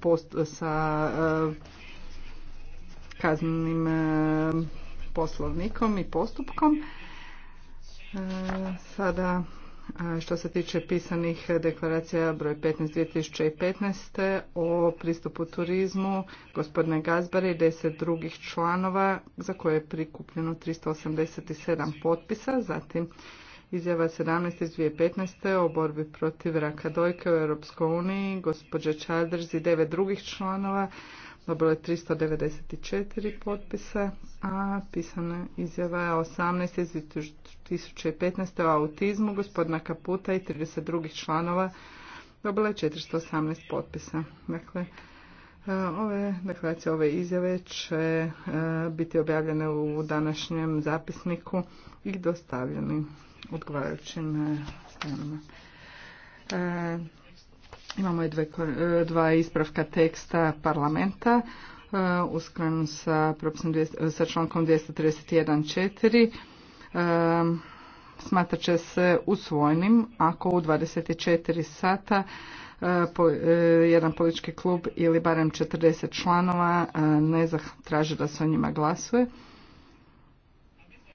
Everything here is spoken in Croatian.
post, sa kaznenim poslovnikom i postupkom. sada što se tiče pisanih deklaracija broj 15 2015 o pristupu turizmu gospodine Gazbare i deset drugih članova za koje je prikupljeno 387 potpisa, zatim Izjava 17 iz 2015. o borbi protiv raka dojke u Europskoj uniji, gospođe Čadrz i devet drugih članova dobilo je 394 potpisa, a pisana izjava je 18 iz 2015. o autizmu gospodina Kaputa i 32. drugih članova dobila je 418 potpisa. Dakle, Ove deklaracije, znači, ove izjave će e, biti objavljene u današnjem zapisniku i dostavljeni odgovarajućim stranama. E, imamo i e, dva ispravka teksta parlamenta uskrenu sa, sa člankom 231.4 smatrat će se usvojenim ako u 24 sata e, e, jedan politički klub ili barem 40 članova e, ne traži da se o njima glasuje.